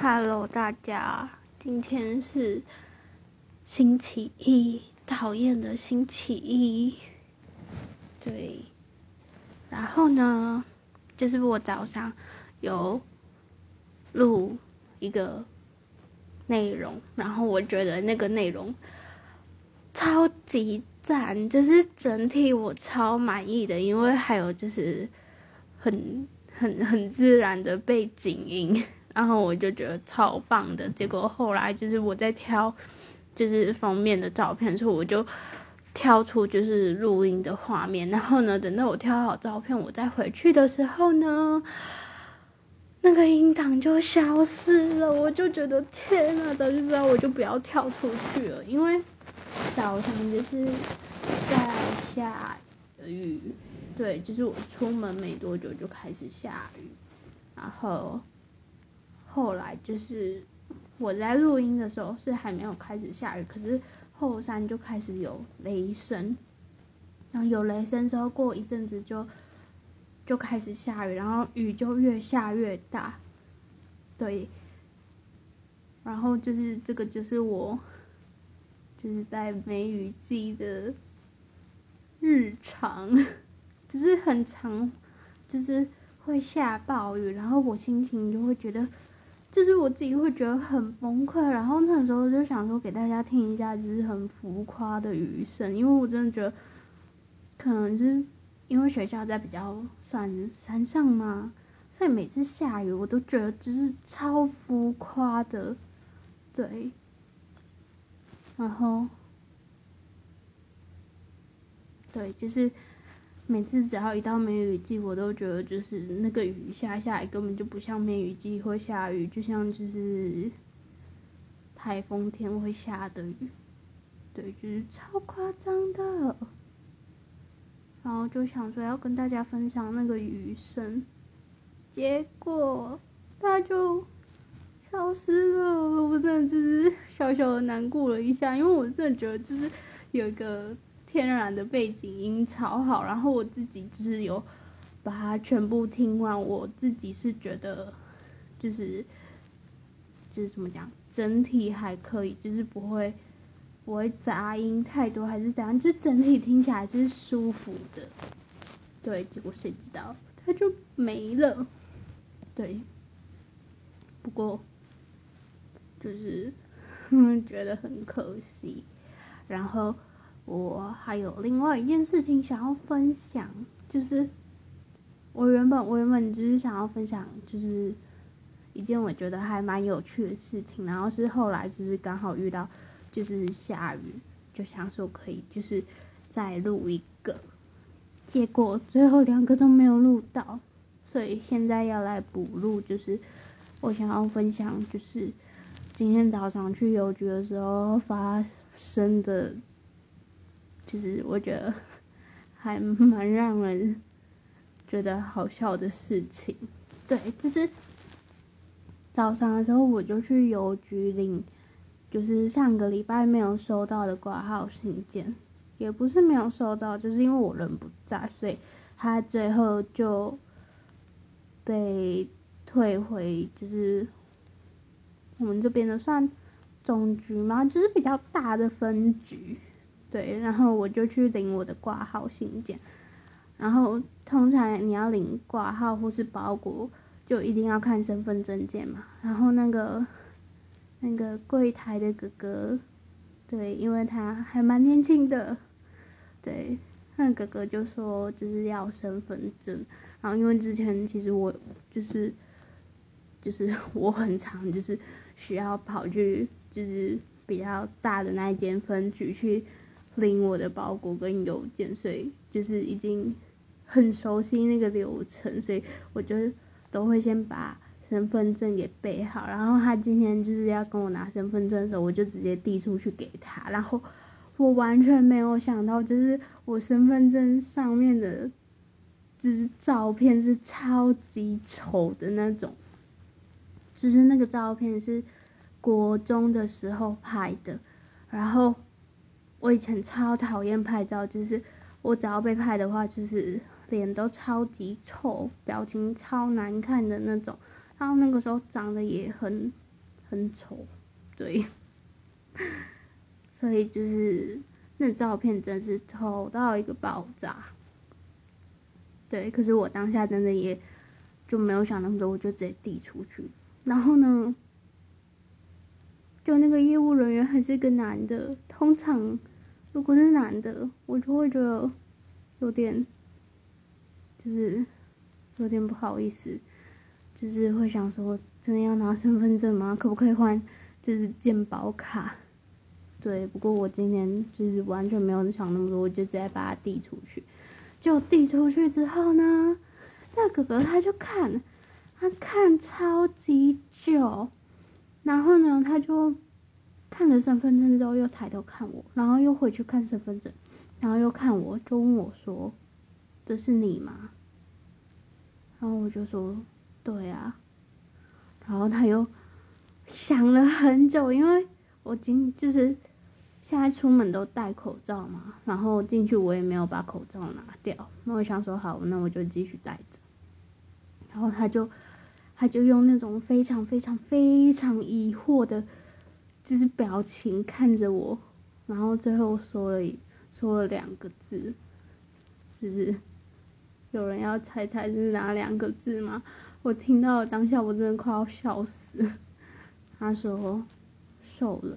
Hello，大家，今天是星期一，討厭的星期一。對，然後呢，就是我早上有錄一個內容，然後我覺得那個內容超級讚，就是整體我超滿意的，因為還有就是很很很自然的背景音。然後我就覺得超棒的，結果後來就是我在挑，就是封面的照片，所以我就挑出就是錄音的畫面。然後呢，等到我挑好照片，我再回去的時候呢，那個音檔就消失了。我就覺得天吶、啊，早就知道我就不要跳出去了，因為早上就是在下，下雨，對，就是我出門沒多久就開始下雨，然後。後來就是我在錄音的時候是還沒有開始下雨，可是後山就開始有雷聲，然後有雷聲之後過一陣子就就開始下雨，然後雨就越下越大，對，然後就是這個就是我就是在梅雨季的日常，就是很常就是會下暴雨，然後我心情就會覺得。就是我自己會覺得很崩潰，然後那時候就想說給大家聽一下，就是很浮誇的雨聲，因為我真的覺得，可能就是因為學校在比較算山，山上嘛，所以每次下雨我都覺得就是超浮誇的，對，然後，對，就是。每次只要一到梅雨季，我都覺得就是那個雨下下來根本就不像梅雨季會下雨，就像就是台風天會下的雨，對，就是超誇張的。然後就想說要跟大家分享那個雨聲，結果它就消失了，我真的只是小小的難過了一下，因為我真的覺得就是有一個。天然的背景音超好，然後我自己就是有把它全部聽完，我自己是覺得就是就是怎麼講，整體還可以，就是不會不會雜音太多，還是怎樣，就整體聽起來是舒服的。對，結果誰知道它就沒了。對，不過就是哼，覺得很可惜，然後。我還有另外一件事情想要分享，就是我原本我原本就是想要分享，就是一件我覺得還蠻有趣的事情。然後是後來就是剛好遇到就是下雨，就想說可以就是再錄一個，結果最後兩個都沒有錄到，所以現在要來補錄。就是我想要分享，就是今天早上去郵局的時候發生的。其實我覺得還蠻讓人覺得好笑的事情。對，就是早上的時候我就去郵局領，就是上個禮拜沒有收到的掛號信件，也不是沒有收到，就是因為我人不在，所以他最後就被退回，就是我們這邊的算總局嘛，就是比較大的分局。對，然後我就去領我的掛號信件，然後通常你要領掛號或是包裹，就一定要看身份證件嘛。然後那個那個櫃台的哥哥，對，因為他還蠻年輕的，對，那哥哥就說就是要身份證。然後因為之前其實我就是就是我很常就是需要跑去就是比較大的那一間分局去。領我的包裹跟郵件，所以就是已經很熟悉那個流程，所以我就都會先把身份證給備好。然後他今天就是要跟我拿身份證的時候，我就直接遞出去給他。然後我完全沒有想到，就是我身份證上面的，就是照片是超級醜的那種，就是那個照片是國中的時候拍的，然後。我以前超討厭拍照，就是我只要被拍的話，就是臉都超級臭，表情超難看的那種。然後那個時候長得也很，很醜，對。所以就是那照片真是醜到一個爆炸。對，可是我當下真的也就沒有想那麼多，我就直接遞出去。然後呢，就那個業務人員還是個男的，通常。如果是男的，我就會覺得有點，就是有點不好意思，就是會想說，真的要拿身份證嗎？可不可以換？就是健保卡。對，不過我今天就是完全沒有想那麼多，我就直接把它遞出去。就遞出去之後呢，大哥哥他就看，他看超級久，然後呢，他就。看了身份證之後，又抬頭看我，然後又回去看身份證，然後又看我，就問我說：“這是你嗎？”然後我就說：“對啊。”然後他又想了很久，因為我今就是現在出門都戴口罩嘛，然後進去我也沒有把口罩拿掉，那我想說好，那我就繼續戴着。然後他就他就用那種非常非常非常疑惑的。就是表情看着我，然後最後說了說了兩個字，就是有人要猜猜這是哪兩個字嗎？我聽到當下我真的快要笑死。他說瘦了，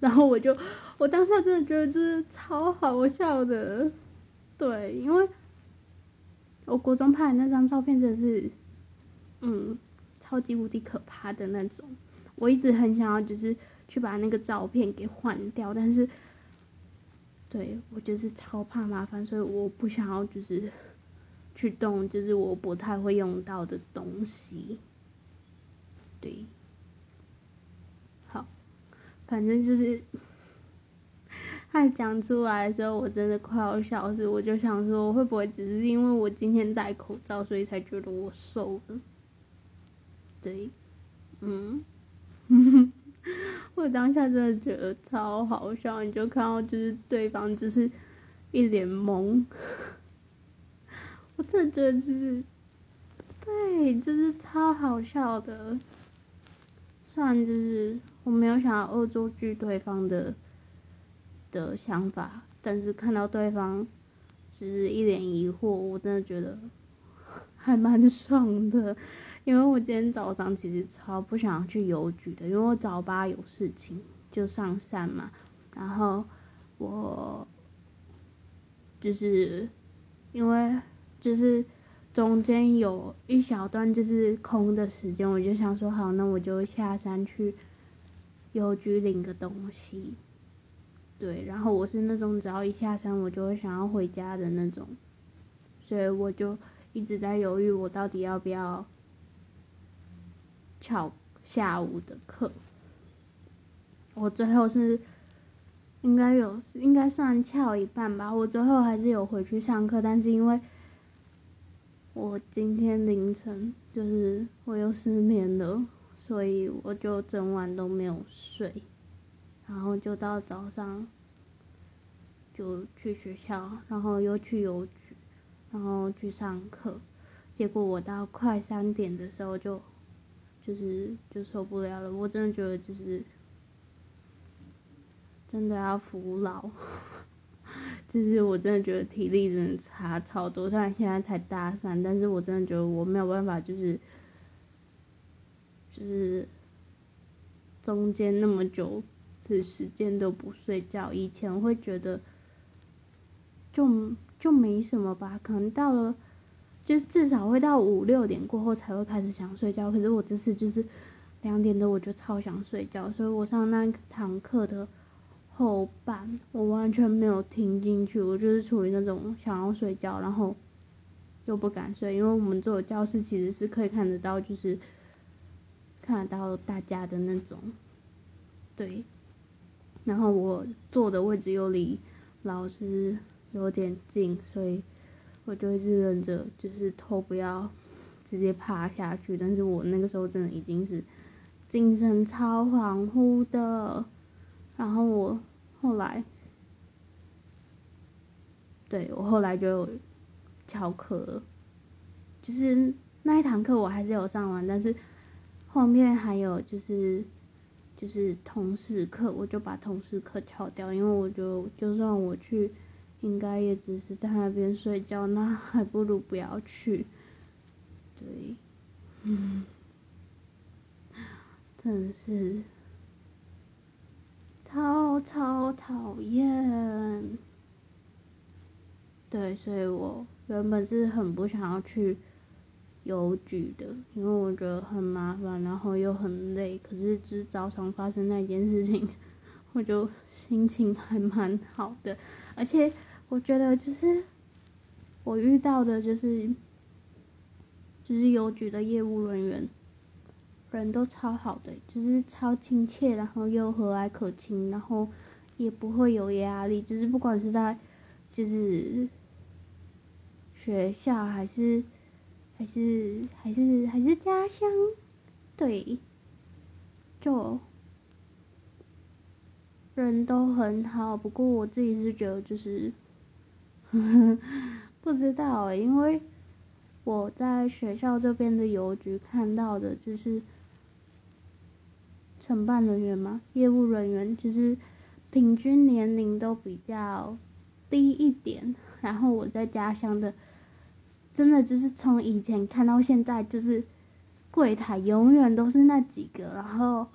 然後我就我當下真的覺得就是超好笑的，對，因為我國中拍的那張照片真的是，嗯，超級無敵可怕的那種。我一直很想要就是。去把那個照片給換掉，但是對我就是超怕麻煩，所以我不想要就是去動，就是我不太會用到的東西。對，好，反正就是他講出來的時候，我真的快要笑死。我就想說，會不會只是因為我今天戴口罩，所以才覺得我瘦了？對，嗯，哼哼。我當下真的覺得超好笑，你就看到就是對方就是一臉懵，我真的覺得就是對，就是超好笑的。雖然就是我沒有想要惡作劇對方的的想法，但是看到對方只是一臉疑惑，我真的覺得還蠻爽的。因為我今天早上其實超不想去郵局的，因為我早八有事情就上山嘛，然後我就是因為就是中間有一小段就是空的時間，我就想說好，那我就下山去郵局領個東西，對，然後我是那種只要一下山我就會想要回家的那種，所以我就一直在猶豫，我到底要不要。翹下午的課，我最後是應該有，應該算翹一半吧。我最後還是有回去上課，但是因為我今天凌晨，就是我又失眠了，所以我就整晚都沒有睡，然後就到早上就去學校，然後又去郵局，然後去上課。結果我到快三點的時候就。就是就受不了了，我真的覺得就是真的要服老， 就是我真的覺得體力真的差超多。雖然現在才大三，但是我真的覺得我沒有辦法，就是就是中間那麼久的時間都不睡覺，以前我會覺得就就沒什麼吧，可能到了。就至少會到五六點過後才會開始想睡覺，可是我這次就是兩點多，我就超想睡覺，所以我上那堂課的後半我完全沒有聽進去，我就是處於那種想要睡覺，然後又不敢睡，因為我們坐的教室其實是可以看得到，就是看得到大家的那種，對，然後我坐的位置又離老師有點近，所以。我就一直忍着，就是頭不要直接趴下去。但是我那個時候真的已經是精神超恍惚的，然後我後來，對我後來就有翹課，就是那一堂課我還是有上完，但是後面還有就是就是通識課，我就把通識課翹掉，因為我就就算我去。應該也只是在那邊睡覺，那還不如不要去。對，嗯，真是超超討厭。對，所以我原本是很不想要去郵局的，因為我覺得很麻煩，然後又很累。可是，只早上發生那件事情，我就心情還蠻好的，而且。我覺得就是我遇到的，就是就是郵局的業務人員，人都超好的，就是超親切，然後又和藹可親，然後也不會有壓力，就是不管是在就是學校還是還是還是還是家鄉，對，就人都很好。不過我自己是覺得就是。 不知道欸，因為我在學校這邊的郵局看到的，就是承辦人員嘛，業務人員其實平均年齡都比較低一點。然後我在家鄉的，真的就是從以前看到現在，就是櫃台永遠都是那幾個，然後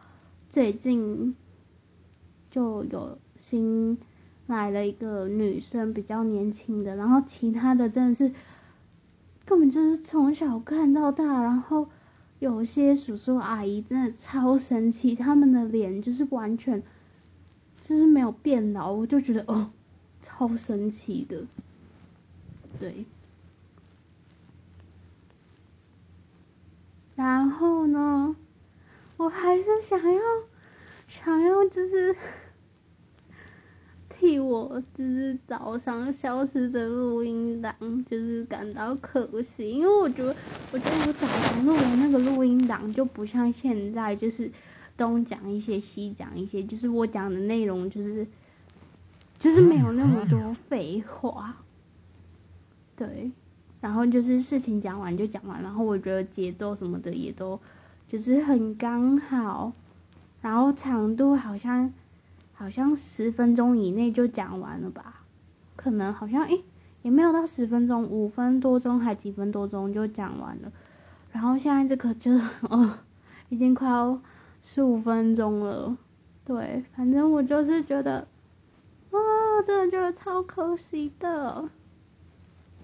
最近就有新。來了一個女生，比較年輕的，然後其他的真的是，根本就是從小看到大，然後有些叔叔阿姨真的超神奇，他們的臉就是完全就是沒有變老，我就覺得哦，超神奇的，對。然後呢，我還是想要，想要就是。替我就是早上消失的錄音檔，就是感到可惜，因為我覺得，我覺得我早上錄的那個錄音檔就不像現在就是東講一些西講一些，就是我講的內容就是，就是沒有那麼多廢話，對，然後就是事情講完就講完，然後我覺得節奏什麼的也都就是很剛好，然後長度好像。好像十分鐘以內就講完了吧？可能好像哎、欸，也沒有到十分鐘，五分多鐘還幾分多鐘就講完了。然後現在這個就是哦，已經快要十五分鐘了。對，反正我就是覺得，啊，真的覺得超可惜的。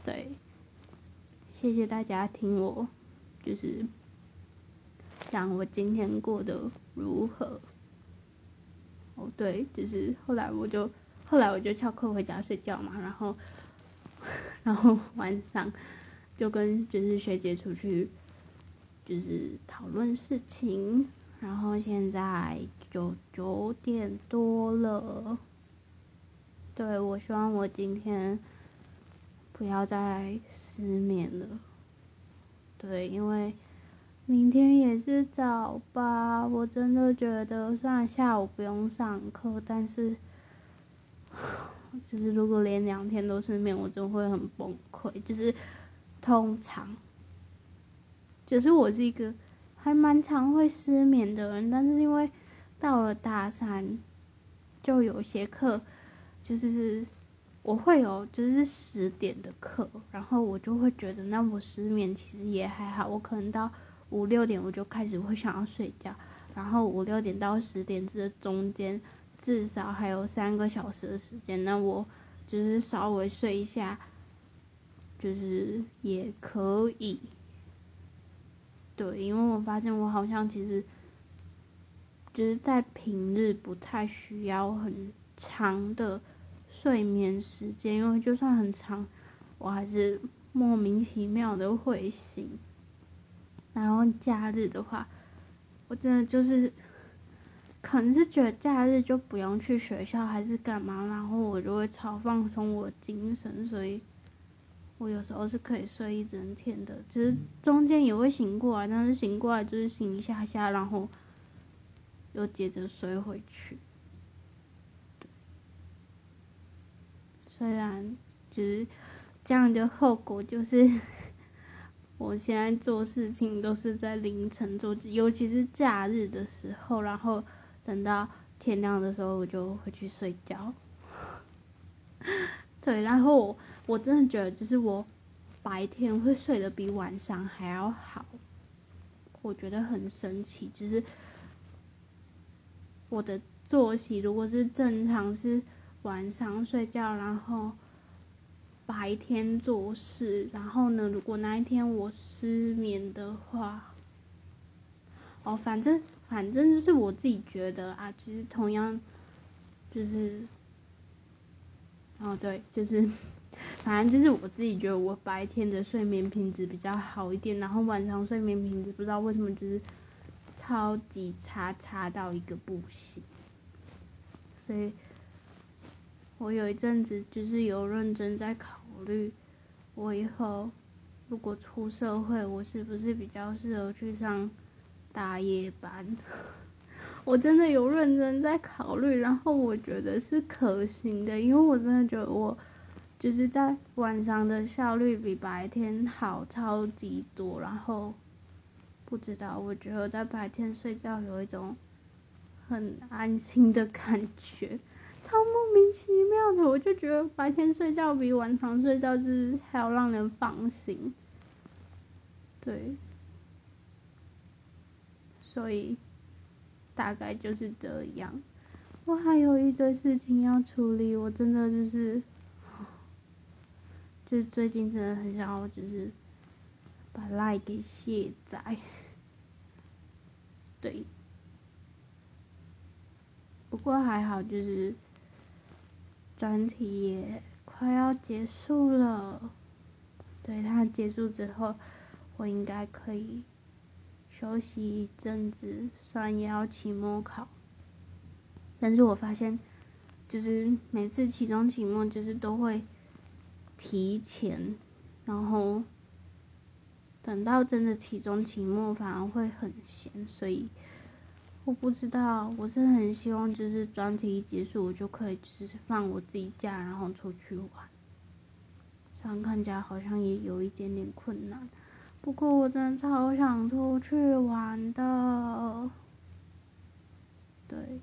對，謝謝大家聽我，就是講我今天過得如何。哦，oh，對，就是後來我就，後來我就翹課回家睡覺嘛，然後，然後晚上就跟就是學姐出去，就是討論事情，然後現在就九點多了，對，我希望我今天不要再失眠了，對，因為。明天也是早八，我真的覺得，雖然下午不用上課，但是就是如果連兩天都失眠，我就會很崩潰。就是通常，只是我是一個還蠻常會失眠的人，但是因為到了大三，就有些課就是我會有就是十點的課，然後我就會覺得，那我失眠其實也還好，我可能到。五六點我就開始會想要睡覺，然後五六點到十點這中間至少還有三個小時的時間，那我就是稍微睡一下，就是也可以。對，因為我發現我好像其實就是在平日不太需要很長的睡眠時間，因為就算很長，我還是莫名其妙的會醒。然後假日的話，我真的就是，可能是覺得假日就不用去學校還是幹嘛，然後我就會超放鬆我精神，所以，我有時候是可以睡一整天的。其實中間也會醒過來，但是醒過來就是醒一下下，然後，又接着睡回去。雖然只是這樣的後果就是。我現在做事情都是在凌晨做，尤其是假日的時候，然後等到天亮的時候我就回去睡覺。對，然後我我真的覺得，就是我白天會睡得比晚上還要好，我覺得很神奇。就是我的作息如果是正常是晚上睡覺，然後。白天做事，然後呢，如果那一天我失眠的話，哦，反正反正就是我自己覺得啊，其實同樣就是，哦對，就是，反正就是我自己覺得我白天的睡眠品質比較好一點，然後晚上睡眠品質不知道為什麼就是超級差，差到一個不行，所以，我有一陣子就是有認真在考。考慮我以後如果出社會，我是不是比較適合去上大夜班？我真的有認真在考慮，然後我覺得是可行的，因為我真的覺得我就是在晚上的效率比白天好超級多。然後不知道，我覺得在白天睡覺有一種很安心的感覺。莫名其妙的，我就覺得白天睡覺比晚上睡覺就是還要讓人放心。對，所以大概就是這樣。我還有一堆事情要處理，我真的就是，就是最近真的很想要就是把 Line 給卸載。對，不過還好就是。專題也快要結束了，對，它結束之後，我應該可以休息一陣子，雖然也要期末考，但是我發現，就是每次期中、期末，就是都會提前，然後等到真的期中、期末，反而會很閒，所以。我不知道，我是很希望就是專題一結束，我就可以只是放我自己假，然後出去玩。想放假好像也有一點點困難，不過我真的超想出去玩的。對，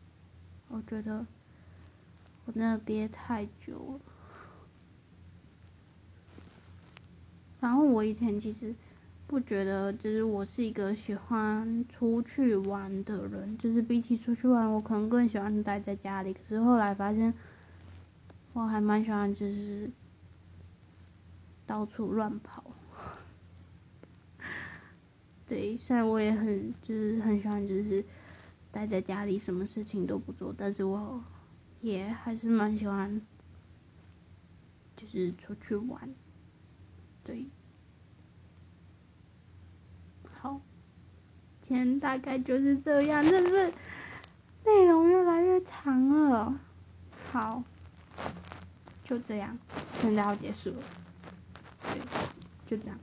我覺得我真的憋太久了。然後我以前其實。不覺得，就是我是一個喜歡出去玩的人，就是比起出去玩，我可能更喜歡待在家裡。可是後來發現，我還蠻喜歡就是到處亂跑。對，雖然我也很就是很喜歡就是待在家裡，什麼事情都不做，但是我也還是蠻喜歡就是出去玩，對。好，前大概就是這樣，但是內容越來越長了。好，就這樣，現在要結束了。對，就這樣。